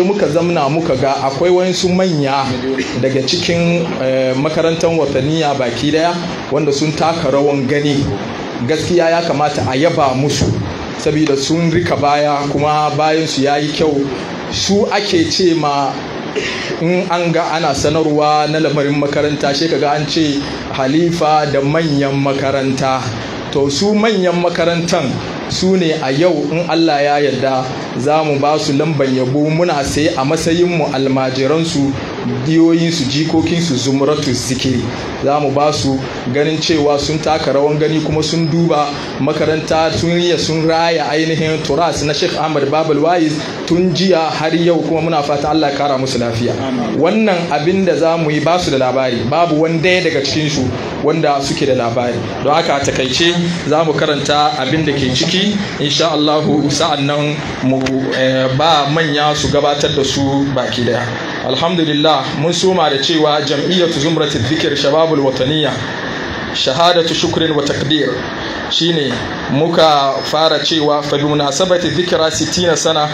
sai muka zamna muka ga akwai wasu manya daga cikin eh, makarantar wataniya baki daya wanda sun taka rawan gani gaskiya ya kamata a yaba musu saboda sun rika baya kuma bayan su yayi kyau su ake ce ma in an ga ana sanarwa na lamarin makaranta shi kaga an ce halifa da manyan makaranta to su manyan makarantan su ne a yau in Allah ya yarda za mu ba su lamban yabo muna sai a matsayinmu almajiransu diyoyinsu jikokinsu zumuratu zikiri za mu ba su ganin cewa sun taka rawan gani kuma sun duba makaranta sun yi sun raya ainihin turas na sheikh ahmad babal wais tun jiya har yau kuma muna fata allah kara musu lafiya wannan abin da za mu yi ba su da labari babu wanda daga cikinsu wanda suke da labari don haka a takaice za mu karanta abin da ke ciki insha Allahu sa'an nan mu eh, ba manya su gabatar da su baki daya alhamdulillah mun soma da cewa jam'iyyatu zumratul dhikr shababul wataniya shahadatu shukrin wa takdir shine muka fara cewa fa bi munasabati dhikra 60 sana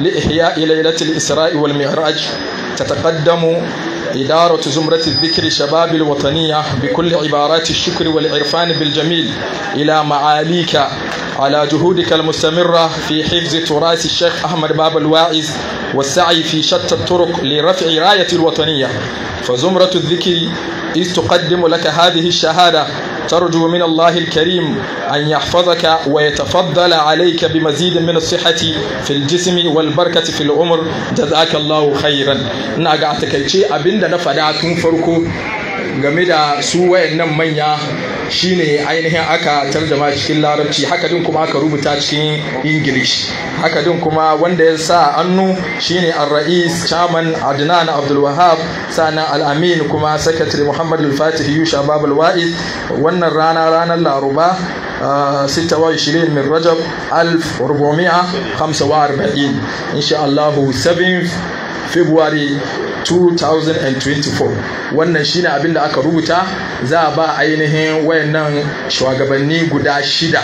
li ihya'i lailatul isra'i wal mi'raj tataqaddamu إدارة زمرة الذكر شباب الوطنية بكل عبارات الشكر والعرفان بالجميل إلى معاليك على جهودك المستمرة في حفظ تراث الشيخ أحمد باب الواعز والسعي في شتى الطرق لرفع راية الوطنية فزمرة الذكر إذ تقدم لك هذه الشهادة ترجو من الله الكريم أن يحفظك ويتفضل عليك بمزيد من الصحة في الجسم والبركة في العمر جزاك الله خيرا نعم أتكيشي أبين دنا فدعتم فرقو game da su wayannan manya shine ainihin aka tarjama cikin larabci haka din kuma aka rubuta cikin ingilish haka din kuma wanda ya sa annu shine ar-ra'is chairman adnan abdul wahab sana al-amin kuma secretary muhammad al-fatih yusha babul wa'iz wannan rana ranar laruba 26 ah, min rajab 1445 insha Allah 7 february 2024 wannan shine abin da aka rubuta za a ba ainihin wayannan shugabanni guda shida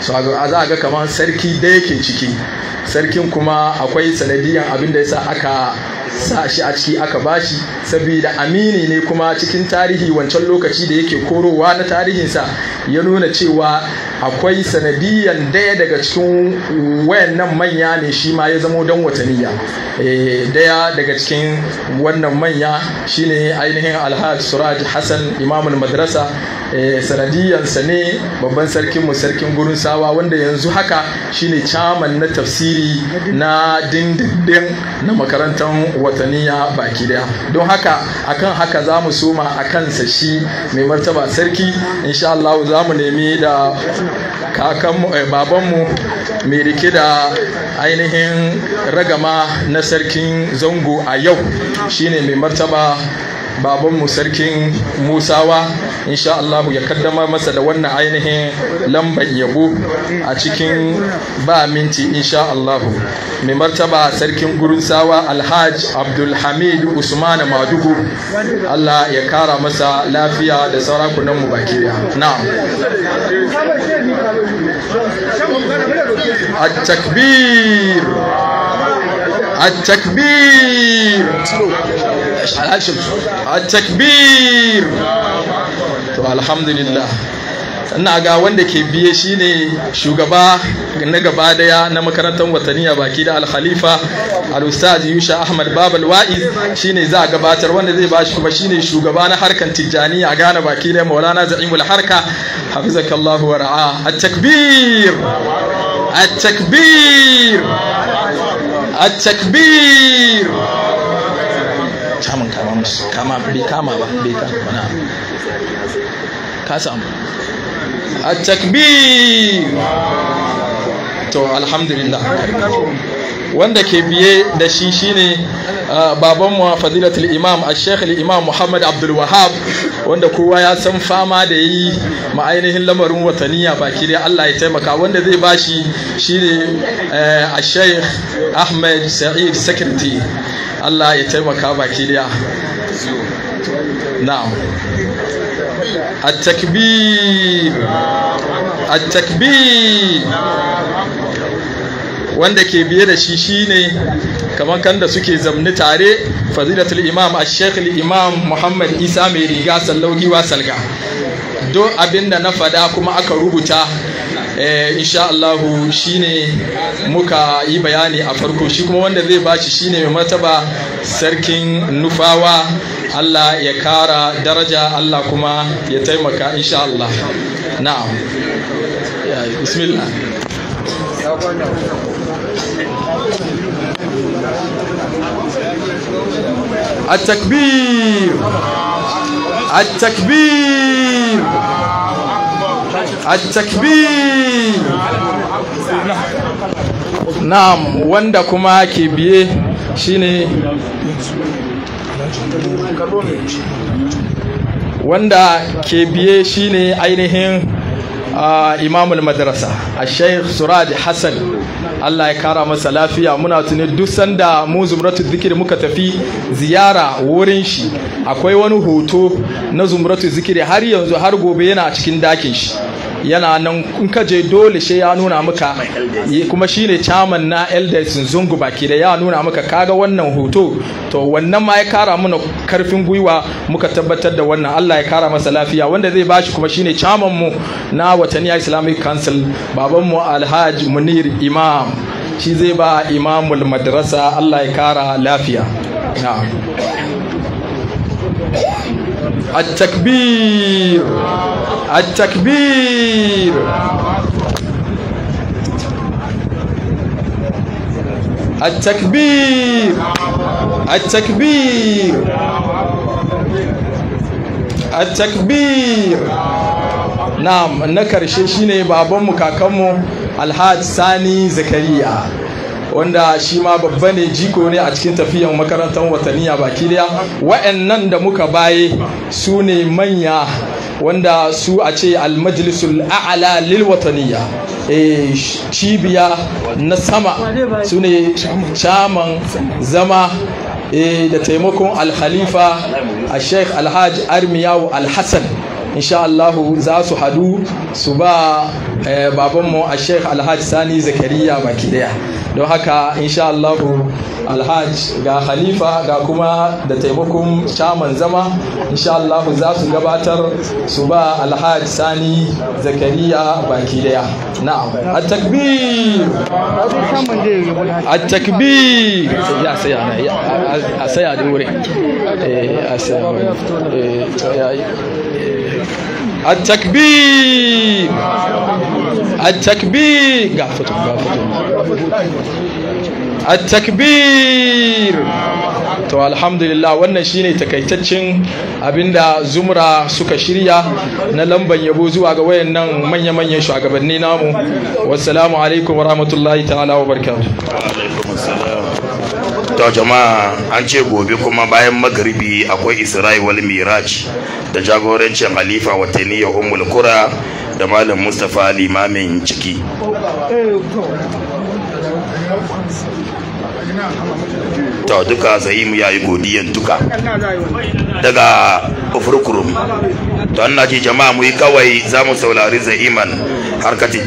za a ga kamar sarki da yake ciki sarkin kuma akwai sanadiyan abin da yasa aka sa shi a ciki aka bashi saboda amini ne kuma cikin tarihi wancan lokaci da yake korowa na tarihinsa ya nuna cewa akwai sanadiyan daya daga cikin wayannan manya ne shi ma ya zamo don wataniya eh, daya daga cikin wannan manya shine ainihin Alhaji suraj hassan imamul madrasa Eh, sa ne babban sarkinmu sarkin gurin sawa wanda yanzu haka shine caman na tafsiri na dindindin na makarantar wataniya baki daya don haka akan haka za mu soma a kansa shi mai martaba sarki insha Allah za mu nemi da kakanmu eh, babanmu mai rike da ainihin ragama na sarkin zango a yau shine mai martaba babanmu sarkin musawa insha ya kaddama masa da wannan ainihin lambar yabo a cikin ba minti insha Allahu mai martaba sarkin gurunsawa alhaj abdulhamid usman madugu Allah ya kara masa lafiya da sarakunan mu baki na'am التكبير التكبير al'ashim takbir to alhamdulillah ina ga wanda ke biye shine shugaba na gaba daya na makarantar wataniya baki da alkhalifa al-ustaz yusha ahmad babal wa'iz shine za a gabatar wanda zai bashi kuma shine shugaba na harkan tijjani a gane baki da maulana za'imul harka hafizakallahu wa ra'a at-takbir at-takbir at-takbir kama bai kama ba bai kama na ka samu a takbir to alhamdulillah wanda ke biye da shi shine babanmu fadilatul imam a sheikh imam muhammad abdul wahab wanda kowa ya san fama da yi ma'ainihin lamarin wataniya baki da allah ya taimaka wanda zai bashi shine eh, al ahmed sa'id secretary Allah ya taimaka baki daya na'am A takbir wanda ke biye da shi shi ne kamar kan da suke zamni tare fazilatul imam a shaykh al-imam Muhammad Isa mai riga Sallau Giwa salga duk da na fada kuma aka rubuta eh insha Allahu shine muka yi bayani a farko shi kuma wanda zai bashi shine mai martaba sarkin nufawa Allah ya kara daraja Allah kuma ya taimaka insha Allah na'am bismillah التكبير التكبير التكبير التكبير na'am wanda kuma ke biye shine wanda ke biye shine ainihin Ah, imamul madrasa a shaikh suraj hassan allah ya kara masa lafiya muna tuni duk sanda mu zumratu zikir muka tafi ziyara wurin shi akwai wani hoto na zumratu zikiri har yanzu har gobe yana cikin dakin shi yana nan in ka je dole shi ya nuna maka kuma shi ne chairman na elders zungu baki da ya nuna maka kaga wannan hoto to wannan ma ya kara mana karfin gwiwa muka tabbatar da wannan Allah ya kara masa lafiya wanda zai bashi kuma shine chairman mu na Wataniya Islamic Council baban mu Alhaji Munir Imam shi zai ba imamul madrasa Allah ya kara lafiya na'am التكبير التكبير التكبير التكبير التكبير نعم نكر شيء بابا مكاكمو الحاج ساني زكريا wanda shi ma babba ne jiko ne a cikin tafiyan makarantar wataniya baki daya wa'annan da muka baye su ne manya wanda su a ce almajlisul a'ala lil wataniya e cibiya na sama su ne caman zama eh, da taimakon alhalifa a sheikh alhaji armiyawu alhassan insha Allah za su hadu su ba eh, babanmu a sheikh alhaji sani zakariya baki daya don haka insha Allah alhaj ga khalifa ga kuma da taimakon shaman zama insha Allah za su gabatar su ba alhaj sani zakariya baki daya na'am at-takbir at-takbir ya saya a saya da wuri a saya التكبير التكبير التكبير to alhamdulillah wannan shine takaitaccen abinda zumra suka shirya na lamban yabo zuwa ga wayannan manya-manyan shugabanni namu wassalamu alaikum warahmatullahi ta'ala wa barakatuh to jama'a an ce gobe kuma bayan magaribi akwai isra'i wal miraj da jagorancin halifa wataniya ummul kura da malam mustapha limamin ciki to duka zai mu yayi godiyan duka daga ofurkurum to an jama'a mu yi kawai za mu saurari zaiman harkatin